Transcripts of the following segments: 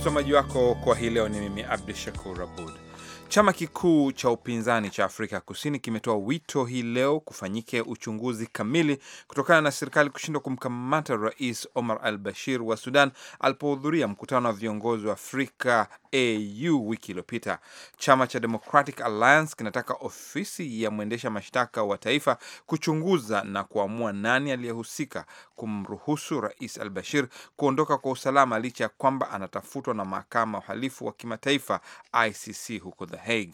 Msomaji wako kwa hii leo ni mimi Abdu Shakur Abud. Chama kikuu cha upinzani cha Afrika Kusini kimetoa wito hii leo kufanyike uchunguzi kamili kutokana na serikali kushindwa kumkamata Rais Omar Al Bashir wa Sudan alipohudhuria mkutano wa viongozi wa Afrika AU wiki iliyopita. Chama cha Democratic Alliance kinataka ofisi ya mwendesha mashtaka wa taifa kuchunguza na kuamua nani aliyehusika kumruhusu Rais al Bashir kuondoka kwa usalama licha ya kwamba anatafutwa na mahakama ya uhalifu wa kimataifa ICC huko The Hague.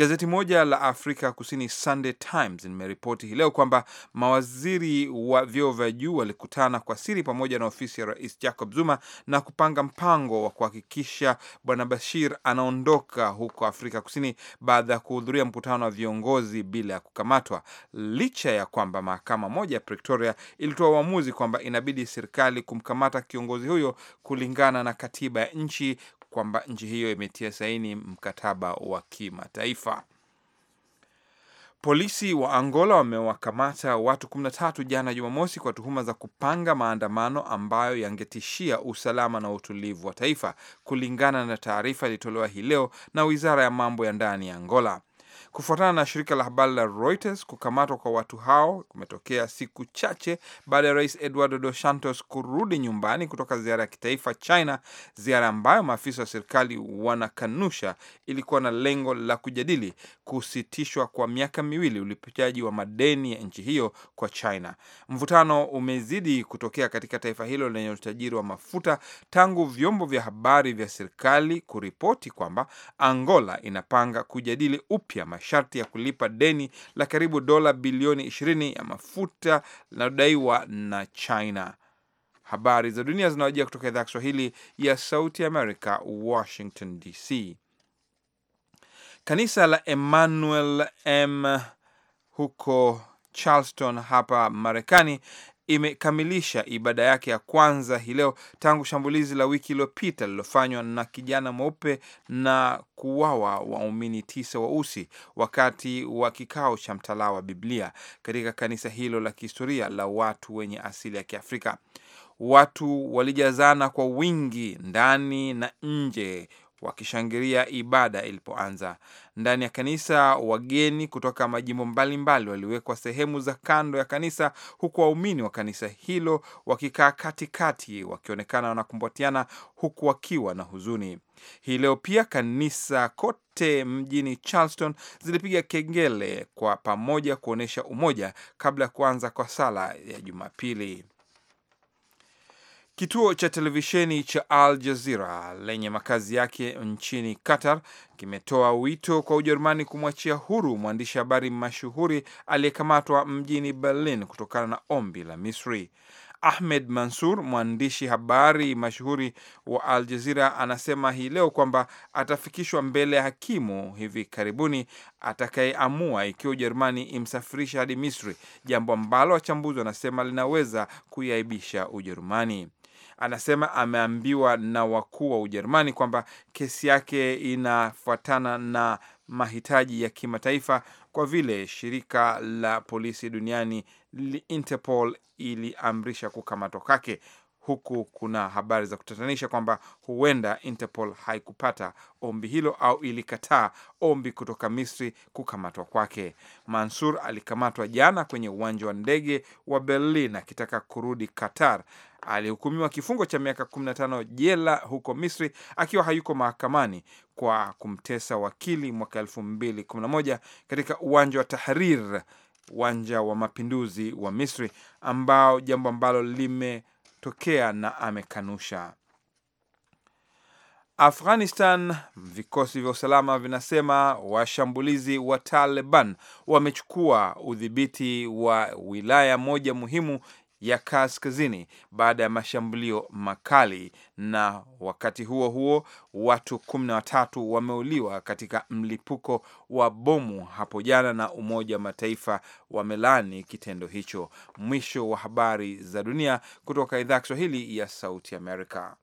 Gazeti moja la Afrika Kusini Sunday Times limeripoti hii leo kwamba mawaziri wa vyeo vya juu walikutana kwa siri pamoja na ofisi ya Rais Jacob Zuma na kupanga mpango wa kuhakikisha Bwana Bashir anaondoka huko Afrika Kusini baada ya kuhudhuria mkutano wa viongozi bila ya kukamatwa, licha ya kwamba mahakama moja ya Pretoria ilitoa uamuzi kwamba inabidi serikali kumkamata kiongozi huyo kulingana na katiba ya nchi kwamba nchi hiyo imetia saini mkataba wa kimataifa. Polisi wa Angola wamewakamata watu 13 jana Jumamosi kwa tuhuma za kupanga maandamano ambayo yangetishia usalama na utulivu wa taifa, kulingana na taarifa iliyotolewa hii leo na wizara ya mambo ya ndani ya Angola. Kufuatana na shirika la habari la Reuters, kukamatwa kwa watu hao kumetokea siku chache baada ya rais Eduardo Dos Santos kurudi nyumbani kutoka ziara ya kitaifa China, ziara ambayo maafisa wa serikali wanakanusha ilikuwa na lengo la kujadili kusitishwa kwa miaka miwili ulipichaji wa madeni ya nchi hiyo kwa China. Mvutano umezidi kutokea katika taifa hilo lenye utajiri wa mafuta tangu vyombo vya habari vya serikali kuripoti kwamba Angola inapanga kujadili upya masharti ya kulipa deni la karibu dola bilioni 20 ya mafuta linalodaiwa na China. Habari za dunia zinawajia kutoka idhaa ya Kiswahili ya Sauti america Washington DC. Kanisa la Emmanuel M huko Charleston hapa Marekani imekamilisha ibada yake ya kwanza hii leo tangu shambulizi la wiki iliyopita lililofanywa na kijana mweupe na kuwawa waumini tisa weusi wakati wa kikao cha mtalaa wa Biblia katika kanisa hilo la kihistoria la watu wenye asili ya Kiafrika. Watu walijazana kwa wingi ndani na nje wakishangilia ibada ilipoanza. Ndani ya kanisa, wageni kutoka majimbo mbalimbali waliwekwa sehemu za kando ya kanisa, huku waumini wa kanisa hilo wakikaa katikati, wakionekana wanakumbatiana, huku wakiwa na huzuni. Hii leo pia kanisa kote mjini Charleston zilipiga kengele kwa pamoja kuonyesha umoja kabla ya kuanza kwa sala ya Jumapili. Kituo cha televisheni cha Al Jazeera lenye makazi yake nchini Qatar kimetoa wito kwa Ujerumani kumwachia huru mwandishi habari mashuhuri aliyekamatwa mjini Berlin kutokana na ombi la Misri. Ahmed Mansur, mwandishi habari mashuhuri wa Al Jazeera, anasema hii leo kwamba atafikishwa mbele ya hakimu hivi karibuni atakayeamua ikiwa Ujerumani imsafirisha hadi Misri, jambo ambalo wachambuzi wanasema linaweza kuiaibisha Ujerumani anasema ameambiwa na wakuu wa Ujerumani kwamba kesi yake inafuatana na mahitaji ya kimataifa kwa vile shirika la polisi duniani Interpol iliamrisha kukamatwa kwake huku kuna habari za kutatanisha kwamba huenda Interpol haikupata ombi hilo au ilikataa ombi kutoka Misri kukamatwa kwake. Mansur alikamatwa jana kwenye uwanja wa ndege wa Berlin akitaka kurudi Qatar. Alihukumiwa kifungo cha miaka 15 jela huko Misri akiwa hayuko mahakamani kwa kumtesa wakili mwaka 2011 katika uwanja wa Tahrir, uwanja wa mapinduzi wa Misri, ambao jambo ambalo lime tokea na amekanusha. Afghanistan, vikosi vya usalama vinasema washambulizi wa Taliban wamechukua udhibiti wa wilaya moja muhimu ya kaskazini baada ya mashambulio makali. Na wakati huo huo, watu kumi na watatu wameuliwa katika mlipuko wa bomu hapo jana, na Umoja wa Mataifa wamelaani kitendo hicho. Mwisho wa habari za dunia kutoka idhaa ya Kiswahili ya Sauti Amerika.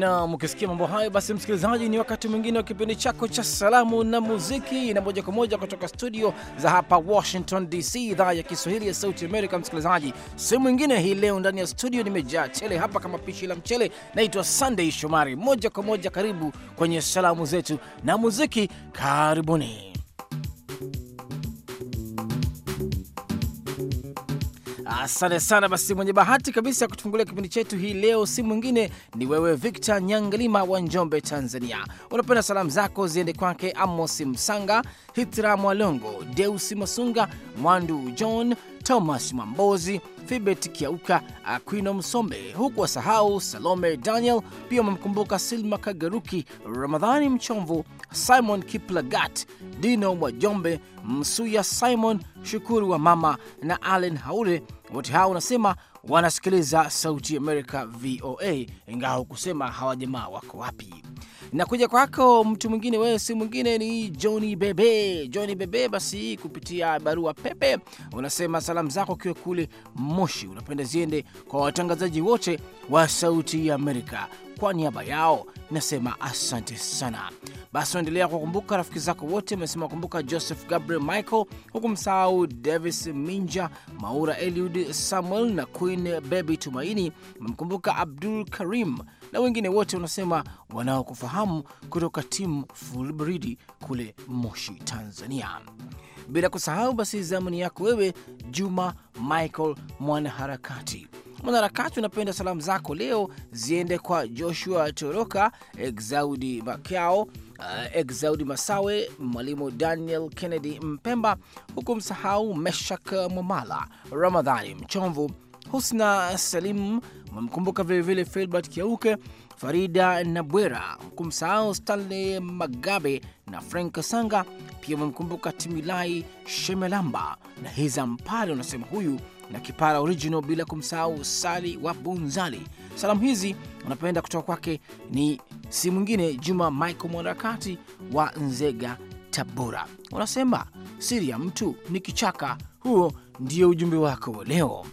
na mkisikia mambo hayo, basi msikilizaji, ni wakati mwingine wa kipindi chako cha salamu na muziki, na moja kwa moja kutoka studio za hapa Washington DC, idhaa ya Kiswahili ya Sauti Amerika. Msikilizaji, sehemu ingine hii leo ndani ya studio nimejaa chele hapa kama pishi la mchele. Naitwa Sunday Shomari. Moja kwa moja, karibu kwenye salamu zetu na muziki, karibuni. Asante sana. Basi mwenye bahati kabisa ya kutufungulia kipindi chetu hii leo si mwingine ni wewe Victor Nyangalima wa Njombe, Tanzania. Unapenda salamu zako ziende kwake Amos Msanga, Hitra Mwalongo, Deusi Masunga, Mwandu John, Thomas Mambozi, Fibet Kiauka, Aquino Msombe, huku wasahau Salome Daniel. Pia wamemkumbuka Silma Kagaruki, Ramadhani Mchomvu, Simon Kiplagat, Dino Mwajombe, Msuya Simon, Shukuru wa mama na Allen Haule wote hao wanasema wanasikiliza Sauti Amerika VOA, ingawa hukusema hawa jamaa wako wapi. Na kuja kwako mtu mwingine, wewe si mwingine ni johni Bebe. johni Bebe, basi kupitia barua pepe unasema salamu zako ukiwe kule Moshi, unapenda ziende kwa watangazaji wote wa Sauti ya Amerika. Kwa niaba yao nasema asante sana. Basi unaendelea kuwakumbuka rafiki zako wote, amesema kumbuka Joseph Gabriel Michael, huku msahau Davis Minja, Maura Eliud Samuel na Queen Baby Tumaini, amemkumbuka Abdul Karim na wengine wote unasema wanaokufahamu kutoka timu Fulbridi kule Moshi, Tanzania. Bila kusahau basi, zamani yako wewe Juma Michael mwanaharakati mwanaharakati unapenda salamu zako leo ziende kwa Joshua Toroka, Exaudi makao uh, Exaudi Masawe, mwalimu Daniel Kennedy Mpemba, huku msahau Meshak Mwamala, Ramadhani Mchomvu, Husna Salim, mmemkumbuka vilevile Filbert Kiauke, Farida Nabwera, mkumsahau Stanley Magabe na Frank sanga Pia mmemkumbuka Timilai Shemelamba na Hiza Mpale, unasema huyu na Kipara Original, bila kumsahau Sali wa Bunzali. Salamu hizi unapenda kutoka kwake ni si mwingine Juma Michael mwanarakati wa Nzega, Tabora. Unasema siri ya mtu ni kichaka. Huo ndio ujumbe wako leo.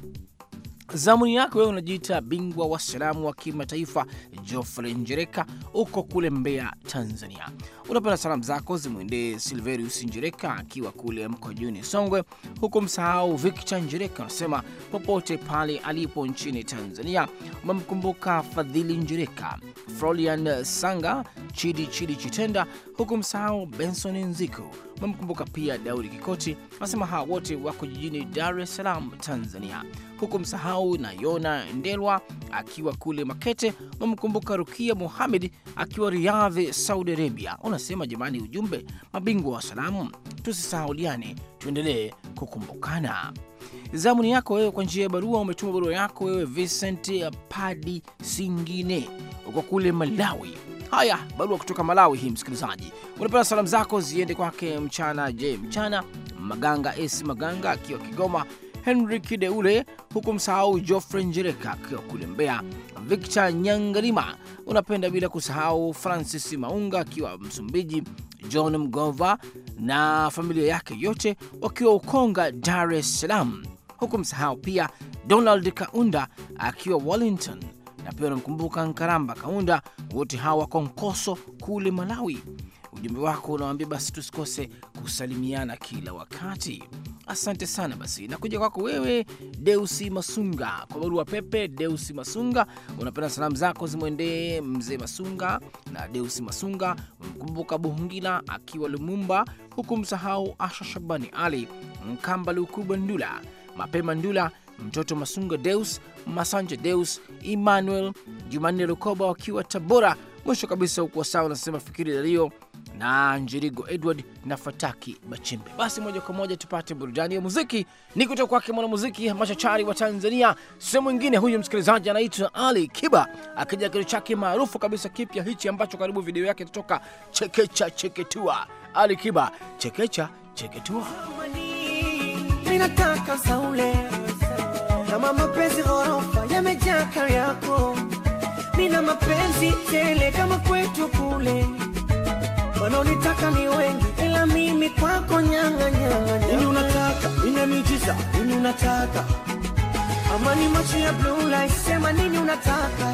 Zamuni yako wewe unajiita bingwa wa salamu wa kimataifa Jofre Njereka, uko kule Mbeya, Tanzania. Unapenda salamu zako zimwendee Silverius njereka akiwa kule mko juni Songwe, huku msahau Victor njereka anasema popote pale alipo nchini Tanzania umemkumbuka Fadhili njereka Frolian Sanga, Chidi Chidi Chitenda, huku msahau Benson Nziku. Umemkumbuka pia Daudi Kikoti. anasema hawa wote wako jijini Dar es Salaam, Tanzania, huku msahau na Yona Ndelwa akiwa kule Makete. Umemkumbuka Rukia Muhamed akiwa Riyadh, Saudi Arabia anasema jamani, ujumbe mabingwa wa salamu, tusisahauliane, tuendelee kukumbukana. Zamu ni yako wewe, kwa njia ya barua. Umetuma barua yako wewe Vincent Padi Singine, uko kule Malawi. Haya, barua kutoka Malawi hii, msikilizaji, unapenda salamu zako ziende kwake Mchana Je Mchana Maganga S Maganga akiwa Kigoma, Henri Deule huku msahau Joffrey Njereka akiwa kule Mbeya, Victor Nyangalima, unapenda bila kusahau Francis Maunga akiwa Msumbiji, John Mgova na familia yake yote wakiwa Ukonga, Dar es Salaam, huku msahau pia Donald Kaunda akiwa Wellington na pia unamkumbuka Nkaramba Kaunda, wote hawa Konkoso kule Malawi. Ujumbe wako unawambia basi tusikose kusalimiana kila wakati. Asante sana. Basi nakuja kwako wewe Deusi Masunga kwa barua pepe. Deusi Masunga, unapenda salamu zako zimwendee mzee Masunga na Deusi Masunga, mkumbuka Buhungila akiwa Lumumba, huku msahau Asha Shabani Ali Mkamba Lukuba Ndula Mapema Ndula mtoto Masunga Deus Masanja Deus Emmanuel Jumanne Lukoba wakiwa Tabora. Mwisho kabisa ukuwa sawa, unasema fikiri Dario na Njirigo Edward na Fataki Machimbe. Basi moja kwa moja tupate burudani ya muziki, ni kutoka kwake mwanamuziki machachari wa Tanzania. Sehemu ingine, huyu msikilizaji anaitwa Ali Kiba, akija kitu chake maarufu kabisa kipya hichi ambacho karibu video yake tatoka chekecha cheketua. Ali Kiba, chekecha cheketua mina mapenzi tele kama kwetu kule wanaonitaka ni wengi, ila mimi kwako nyanga nyanga. Nini unataka? Nina miujiza. Nini unataka? Amani macho ya blue light, sema nini unataka?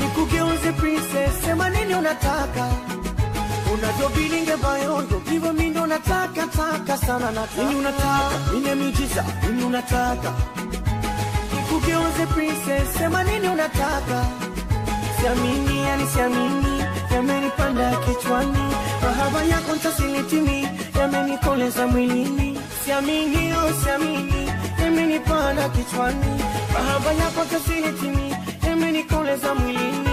Nikugeuze princess, sema nini unataka? Unavyobilinge bayondo, hivyo mimi ndo nataka taka sana nataka. Nini unataka? Nina miujiza. Nini unataka? Nikugeuze princess, sema nini unataka? Siamini, yani siamini yamenipanda kichwani, mahaba yako ntasilitimi, yamenikoleza mwilini, siamini o oh, siamini, yamenipanda kichwani, mahaba yako ntasilitimi, yamenikoleza mwilini.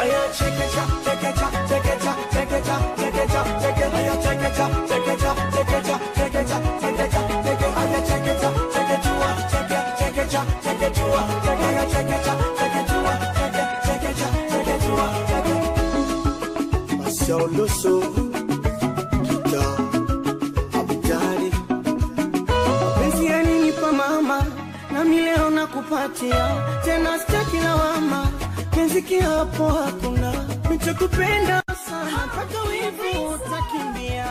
Aya chekecha chekecha chekecha chekecha chekecha chekecha, chekecha Oloso, Kita, Abitari. Penzi ya nini pa mama, nami leo nakupatia, tena sitaki lawama, riziki hapo hakuna, nitakupenda sana mpaka wivu utakimbia,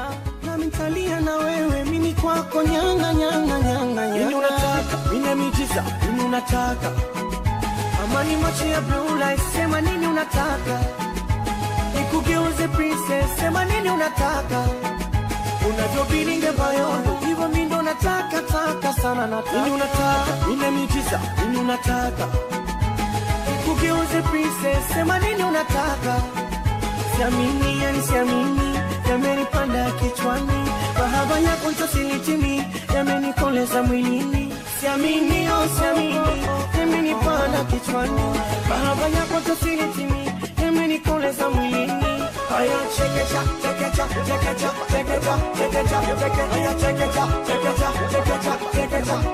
na mitalia na wewe, mimi kwako nyanga nyanga nyanga nyanga, mimi unataka amani, macho ya blue light, sema nini unataka Nigeuze princess, sema nini unataka? Unavyobilinge vayono, hivyo mimi ndo nataka taka sana nataka. Nini unataka? Nina miujiza, nini unataka? Nigeuze princess, sema nini unataka? Siamini, ya nisiamini, siamini, yamenipanda kichwani. Mahaba yako nitosili chini, yamenikoleza mwilini. Siamini, ya oh siamini, yamenipanda kichwani. Bahaba yako nitosili chini kukoleza mwilini. Haya chekecha chekecha chekecha chekecha chekecha chekecha haya chekecha chekecha chekecha chekecha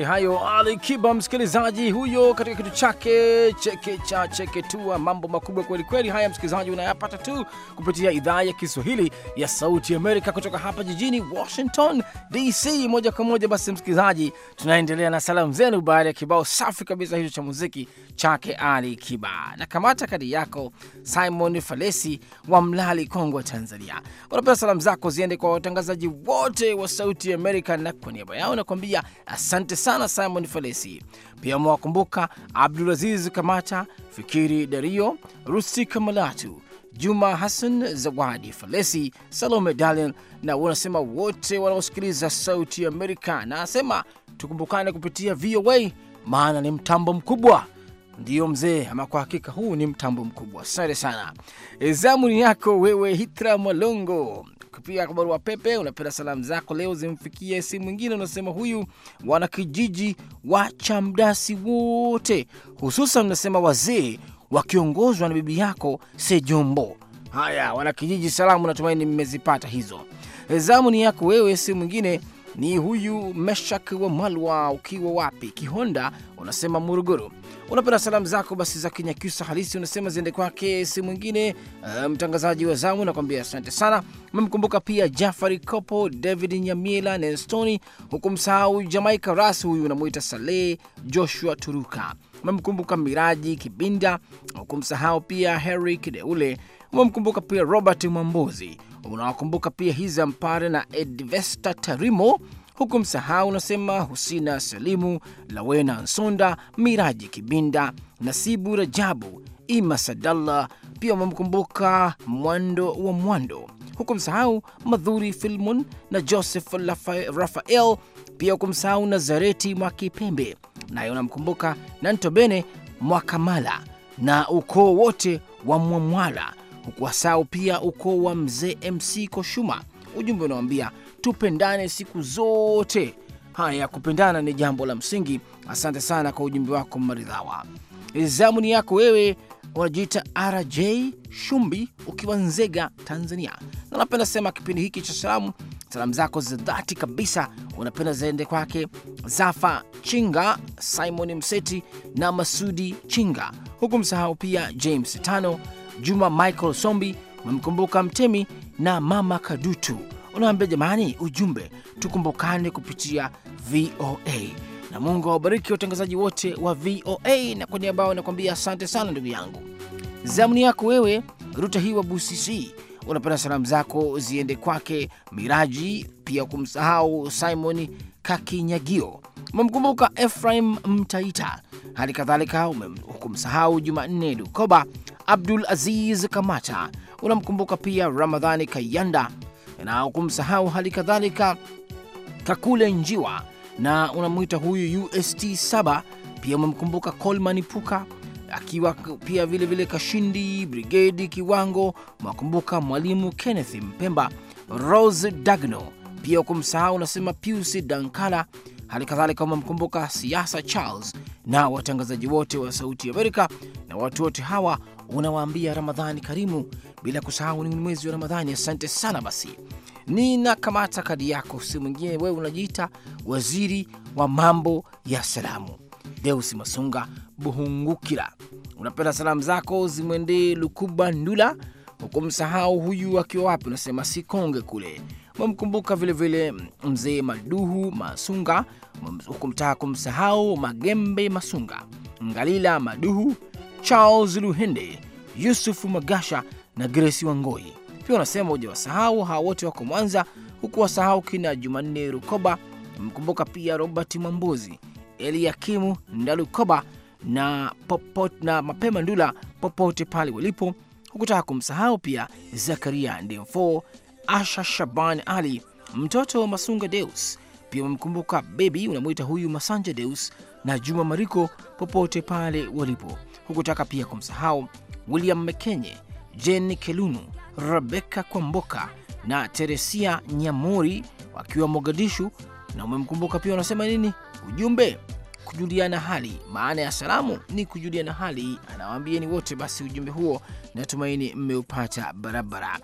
yake hayo Ali Kiba, msikilizaji huyo, katika kitu chake cheke cha cheke Mambo makubwa kweli kweli haya, msikilizaji, unayapata tu kupitia idhaa ya Kiswahili ya Sauti Amerika, kutoka hapa jijini Washington DC, moja kwa moja. Basi msikilizaji, tunaendelea na salamu zenu baada ya kibao safi kabisa hicho cha muziki chake Ali Kiba. Na kamata kadi yako Simon Falesi wa Mlali, Kongwa, Tanzania. Unapenda salamu zako ziende kwa watangazaji wote wa Sauti Amerika, na kwa niaba yao nakwambia asante sana Simon Falesi. Pia mwakumbuka Abdulaziz Kamata, Fikiri Dario, Rusi kamalatu Juma Hassan, Zawadi Falesi, Salome Dalin na wanasema wote wanaosikiliza Sauti Amerika, na asema tukumbukane kupitia VOA maana ni mtambo mkubwa. Ndiyo mzee, ama kwa hakika huu ni mtambo mkubwa. Asante sana. Zamuni yako wewe Hitra malongo pia kwa barua pepe. Unapenda salamu zako leo zimfikie simu mwingine, unasema huyu wanakijiji wa Chamdasi wote, hususan unasema wazee wakiongozwa na bibi yako Sejombo. Haya, wanakijiji, salamu natumaini mmezipata hizo. Zamu ni yako wewe, simu mwingine ni huyu Meshak wa Malwa, ukiwa wapi Kihonda, unasema Morogoro unapenda salamu zako basi za Kinyakyusa halisi unasema ziende kwake, si mwingine uh, mtangazaji wa zamu, nakwambia asante sana. Umemkumbuka pia Jafari Kopo, David Nyamiela, Nenstoni, huku msahau Jamaika Ras, huyu unamwita Saleh Joshua Turuka, umemkumbuka Miraji Kibinda, huku msahau pia Henry Kideule, umemkumbuka pia Robert Mwambozi, unawakumbuka pia Hiza Mpare na Edvesta Tarimo huku msahau unasema Husina Salimu, Lawena Nsonda, Miraji Kibinda, Nasibu Rajabu, Ima Sadalla, pia wamemkumbuka Mwando wa Mwando, huku msahau Madhuri Filmon na Joseph Rafael, pia hukumsahau Nazareti Mwakipembe, naye unamkumbuka Nantobene Mwakamala na ukoo wote wa Mwamwala, hukuwasahau pia ukoo wa mzee MC Koshuma. Ujumbe unawambia tupendane siku zote. Haya, kupendana ni jambo la msingi. Asante sana kwa ujumbe wako maridhawa. Zamu ni yako wewe, unajiita RJ Shumbi ukiwa Nzega, Tanzania, na napenda sema kipindi hiki cha salamu, salamu zako za dhati kabisa unapenda zaende kwake Zafa Chinga, Simon Mseti na Masudi Chinga, huku msahau pia James Tano, Juma Michael Sombi, umemkumbuka Mtemi na Mama Kadutu unaambia jamani, ujumbe tukumbukane kupitia VOA na Mungu awabariki watangazaji wote wa VOA na kwa niaba yao asante sana ndugu yangu. Zamuni yako wewe Ruta hii wa Busisi, unapenda salamu zako ziende kwake Miraji, pia kumsahau Simon Kakinyagio, umemkumbuka Efraim Mtaita, hali kadhalika hukumsahau Jumanne dukoba Abdul Aziz Kamata, unamkumbuka pia Ramadhani Kayanda na kumsahau hali kadhalika Kakule Njiwa na unamwita huyu UST 7 pia umemkumbuka Coleman Puka akiwa pia vilevile vile Kashindi Brigedi Kiwango, mwakumbuka Mwalimu Kenneth Mpemba, Rose Dagno, pia kumsahau unasema Pius Dankala. Hali kadhalika umemkumbuka Siasa Charles na watangazaji wote wa Sauti Amerika, na watu wote hawa unawaambia Ramadhani karimu bila kusahau ni mwezi wa Ramadhani. Asante sana. Basi kamata kadi yako, si mwingine, wewe unajiita waziri wa mambo ya salamu, Deus Masunga Buhungukira. Unapenda salamu zako zimwendee Lukuba Ndula, msahau huyu akiwa wapi, unasema Sikonge kule mamkumbuka vilevile mzee Maduhu Masunga, hukumtaka kumsahau Magembe Masunga, Ngalila Maduhu, Charles Luhende, Yusufu Magasha na Grace Wangoi. Pia wanasema hujawasahau hawa wote wako Mwanza, huku wasahau kina Jumanne Rukoba, mkumbuka pia Robert Mwambuzi, Eliakimu Ndalukoba na, popot, na Mapema Ndula popote pale walipo, hukutaka kumsahau pia Zakaria Ndemfo, Asha Shaban Ali, mtoto wa Masunga Deus. Pia umemkumbuka bebi, unamwita huyu Masanja Deus na Juma Mariko popote pale walipo, hukutaka pia kumsahau William Mekenye, Jen Kelunu, Rebeka Kwamboka na Teresia Nyamori wakiwa Mogadishu. Na umemkumbuka pia, unasema nini ujumbe? Kujuliana hali. Maana ya salamu ni kujuliana hali, ni wote. Basi ujumbe huo natumaini mmeupata barabara.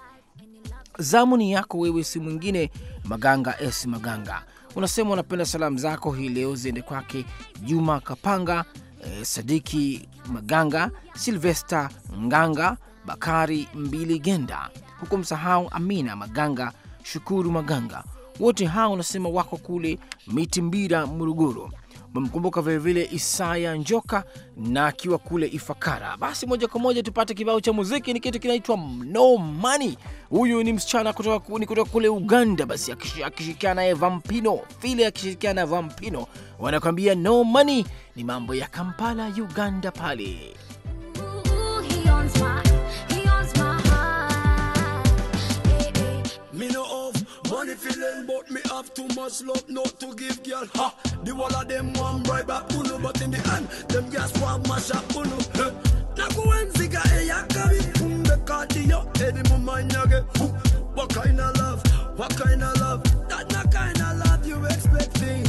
Zamu ni yako wewe, si mwingine Maganga S Maganga. Unasema unapenda salamu zako hii leo ziende kwake Juma Kapanga, eh, Sadiki Maganga, Silvesta Nganga, Bakari Mbili Genda, huku msahau Amina Maganga, Shukuru Maganga. Wote hao unasema wako kule mitimbira Morogoro. Umemkumbuka vilevile Isaya Njoka na akiwa kule Ifakara. Basi moja kwa moja tupate kibao cha muziki, ni kitu kinaitwa No Money. Huyu ni msichana kutoka, ni kutoka kule Uganda, basi akishirikiana naye Vampino File, akishirikiana na Vampino wanakuambia No Money. Ni mambo ya Kampala, Uganda pale. Me no have money feeling, lend, but me have too much love not to give, girl. Ha! The wall of them one bribe back uno, but in the end, them gas one mash up uno. Naku wenzika eya eh, kabi kumbe kati yo Edi mumanya get? What kind of love, what kind of love That's not kind of love you expecting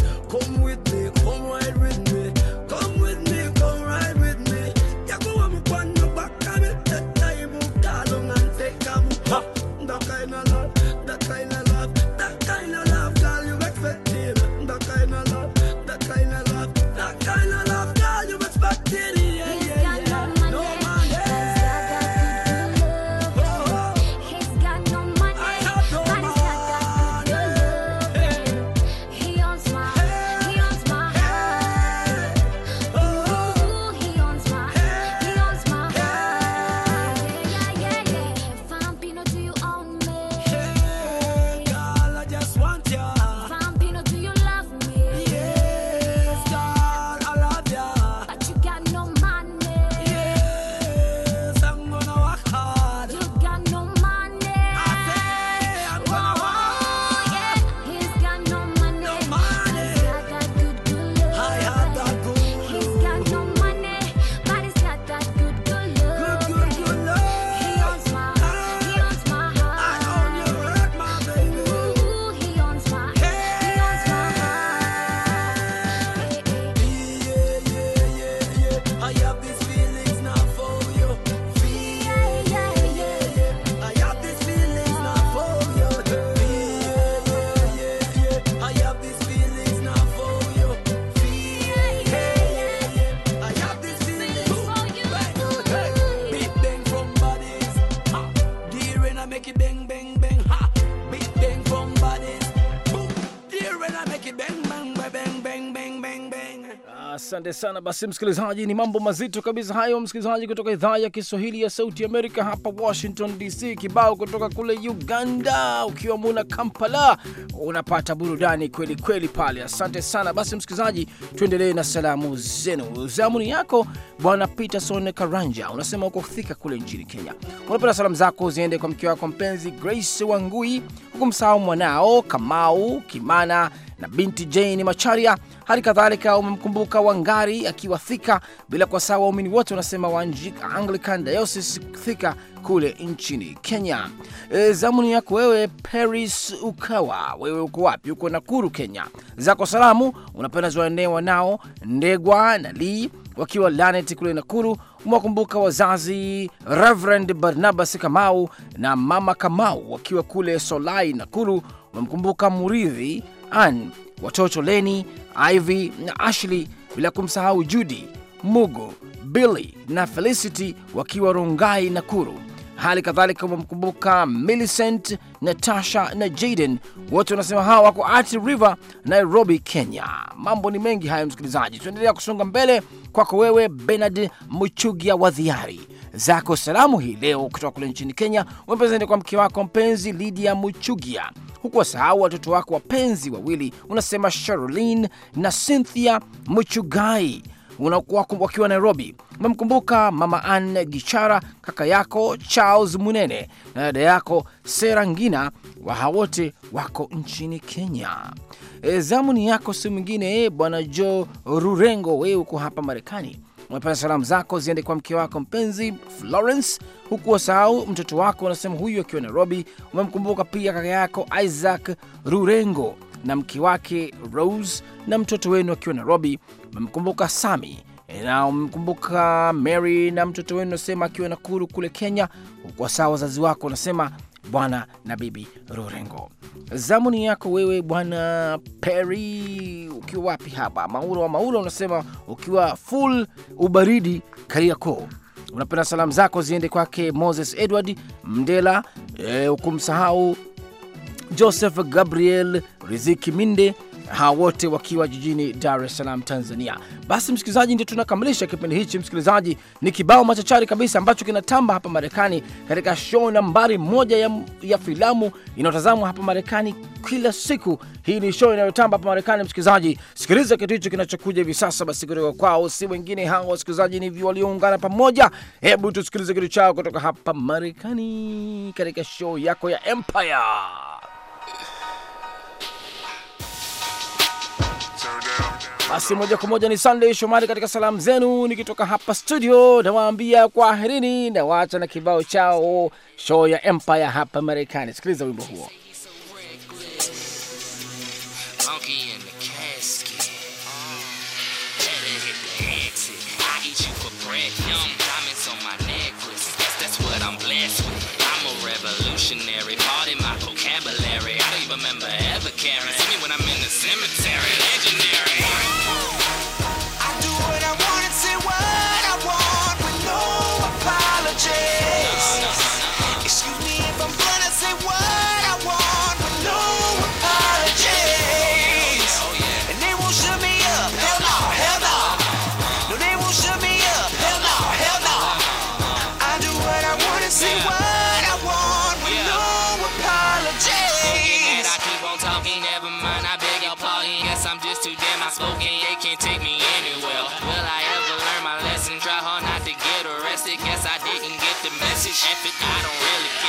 Asante sana. Basi msikilizaji, ni mambo mazito kabisa hayo, msikilizaji, kutoka idhaa ya Kiswahili ya Sauti Amerika hapa Washington DC. Kibao kutoka kule Uganda, ukiwa muna Kampala, unapata burudani kweli kweli pale. Asante sana. Basi msikilizaji, tuendelee na salamu zenu. Zamuni yako Bwana Peterson Karanja, unasema uko Thika kule nchini Kenya, unapenda salamu zako ziende kwa mke wako mpenzi Grace Wangui, huku msahau mwanao Kamau Kimana na binti Jane Macharia. Hali kadhalika umemkumbuka Wangari akiwa Thika, bila kwa sawa waumini wote wanasema wa Anglican Diocese Thika kule nchini Kenya. E, zamu ni yako wewe Paris Ukawa, wewe uko wapi? Uko Nakuru, Kenya. Zako salamu unapenda ziwaenewa nao Ndegwa na Lee wakiwa Lanet kule Nakuru. Umewakumbuka wazazi Reverend Barnabas Kamau na mama Kamau wakiwa kule Solai Nakuru. Umemkumbuka Muridhi Ann, watoto Leni, Ivy na Ashley, bila kumsahau Judy, Mugo, Billy na Felicity wakiwa Rongai na Kuru. Hali kadhalika wamemkumbuka Millicent, Natasha na Jaden, wote wanasema hawa wako art River, Nairobi, Kenya. Mambo ni mengi haya, msikilizaji, tunaendelea kusonga mbele. Kwako wewe Benard Muchugia wa Dhiari, zako salamu hii leo kutoka kule nchini Kenya umepezende kwa mke wako mpenzi Lydia Muchugia huku wasahau watoto wako wapenzi wawili, unasema Sherlin na Cynthia Muchugai wakiwa Nairobi. Umemkumbuka mama Anne Gichara, kaka yako Charles Munene na dada yako Serangina, waha wote wako nchini Kenya. E, zamuni yako, si mwingine bwana Joe Rurengo, wewe uko hapa Marekani unapata salamu zako ziende kwa mke wako mpenzi Florence, huku wasahau mtoto wako unasema huyu akiwa Nairobi. Umemkumbuka pia kaka yako Isaac Rurengo na mke wake Rose na mtoto wenu akiwa Nairobi. Umemkumbuka Sami na umemkumbuka Mary na mtoto wenu unasema akiwa Nakuru kule Kenya, huku wasahau wazazi wako unasema bwana na bibi Rurengo. Zamuni yako wewe bwana Peri, ukiwa wapi hapa? Mauro wa Mauro unasema ukiwa full ubaridi Kariakoo, unapenda salamu zako ziende kwake Moses Edward Mdela, e, eh, ukumsahau Joseph Gabriel Riziki Minde hawa wote wakiwa jijini Dar es Salaam, Tanzania. Basi msikilizaji, ndio tunakamilisha kipindi hichi. Msikilizaji, ni kibao machachari kabisa ambacho kinatamba hapa Marekani katika show nambari moja ya, ya filamu inayotazamwa hapa Marekani kila siku. Hii ni show inayotamba hapa Marekani. Msikilizaji, sikiliza kitu hicho kinachokuja hivi sasa, basi kutoka kwao, si wengine hawa wasikilizaji, ni walioungana pamoja. Hebu tusikilize kitu chao kutoka hapa Marekani katika show yako ya Empire. Basi moja kwa moja ni Sunday Shomari katika salamu zenu, nikitoka hapa studio nawaambia kwaherini, na waacha na kibao chao show ya Empire hapa Marekani. Sikiliza wimbo huo. If I don't really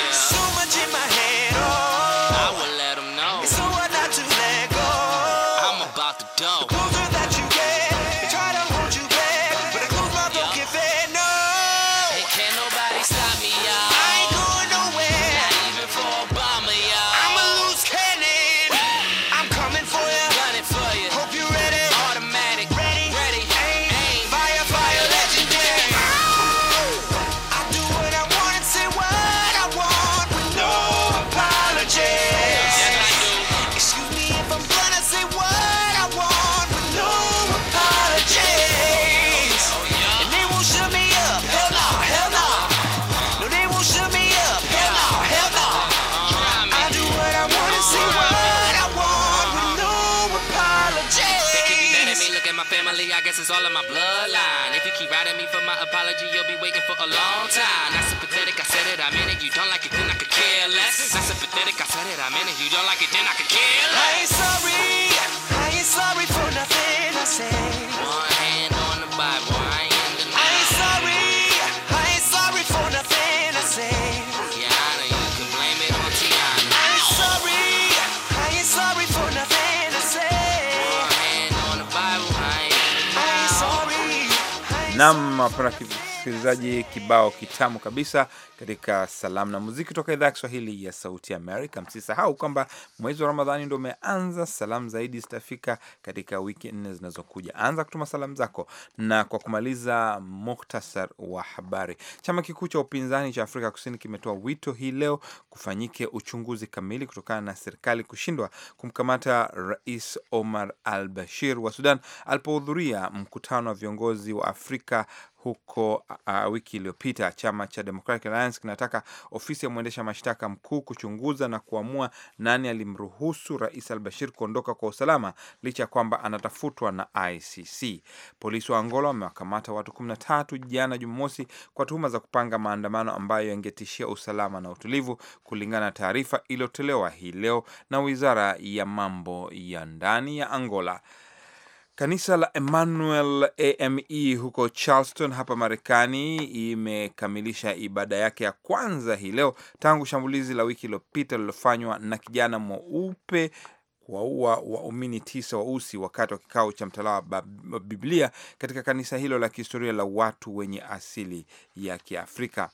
in my family, I guess it's all in my bloodline. If you keep riding me for my apology, you'll be waiting for a long time. Not sympathetic, I said it, I meant it. You don't like it, then I could care less. Not sympathetic, I said it, I meant it. You don't like it, then I could care less. I ain't sorry, I ain't sorry for nothing I said. One hand Naam, hapana msikilizaji, kibao kitamu kabisa katika salamu na muziki kutoka idhaa ya Kiswahili ya Sauti Amerika. Msisahau kwamba mwezi wa Ramadhani ndo umeanza. Salamu zaidi zitafika katika wiki nne zinazokuja. Anza kutuma salamu zako. Na kwa kumaliza, muhtasar wa habari. Chama kikuu cha upinzani cha Afrika Kusini kimetoa wito hii leo kufanyike uchunguzi kamili kutokana na serikali kushindwa kumkamata Rais Omar al Bashir wa Sudan alipohudhuria mkutano wa viongozi wa Afrika huko uh, wiki iliyopita. Chama cha Democratic Alliance kinataka ofisi ya mwendesha mashtaka mkuu kuchunguza na kuamua nani alimruhusu Rais al-Bashir kuondoka kwa usalama licha ya kwamba anatafutwa na ICC. Polisi wa Angola wamewakamata watu 13 jana Jumamosi kwa tuhuma za kupanga maandamano ambayo yangetishia usalama na utulivu, kulingana na taarifa iliyotolewa hii leo na Wizara ya Mambo ya Ndani ya Angola. Kanisa la Emmanuel AME huko Charleston hapa Marekani imekamilisha ibada yake ya kwanza hii leo tangu shambulizi la wiki iliyopita lililofanywa na kijana mweupe kuwaua waumini tisa weusi wakati wa kikao cha mtalaa wa Biblia katika kanisa hilo la kihistoria la watu wenye asili ya Kiafrika.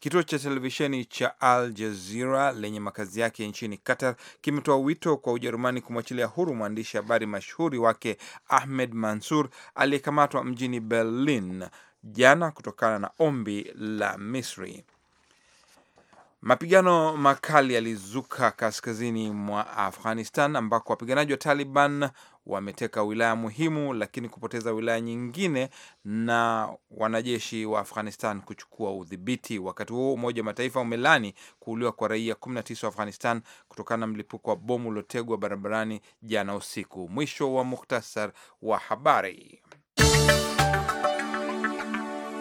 Kituo cha televisheni cha Al Jazeera lenye makazi yake nchini Qatar kimetoa wito kwa Ujerumani kumwachilia huru mwandishi habari mashuhuri wake Ahmed Mansur aliyekamatwa mjini Berlin jana kutokana na ombi la Misri. Mapigano makali yalizuka kaskazini mwa Afghanistan ambako wapiganaji wa Taliban wameteka wilaya muhimu, lakini kupoteza wilaya nyingine na wanajeshi wa Afghanistan kuchukua udhibiti. Wakati huo Umoja wa Mataifa umelani kuuliwa kwa raia 19 wa Afghanistan kutokana na mlipuko wa bomu uliotegwa barabarani jana usiku. Mwisho wa muhtasar wa habari.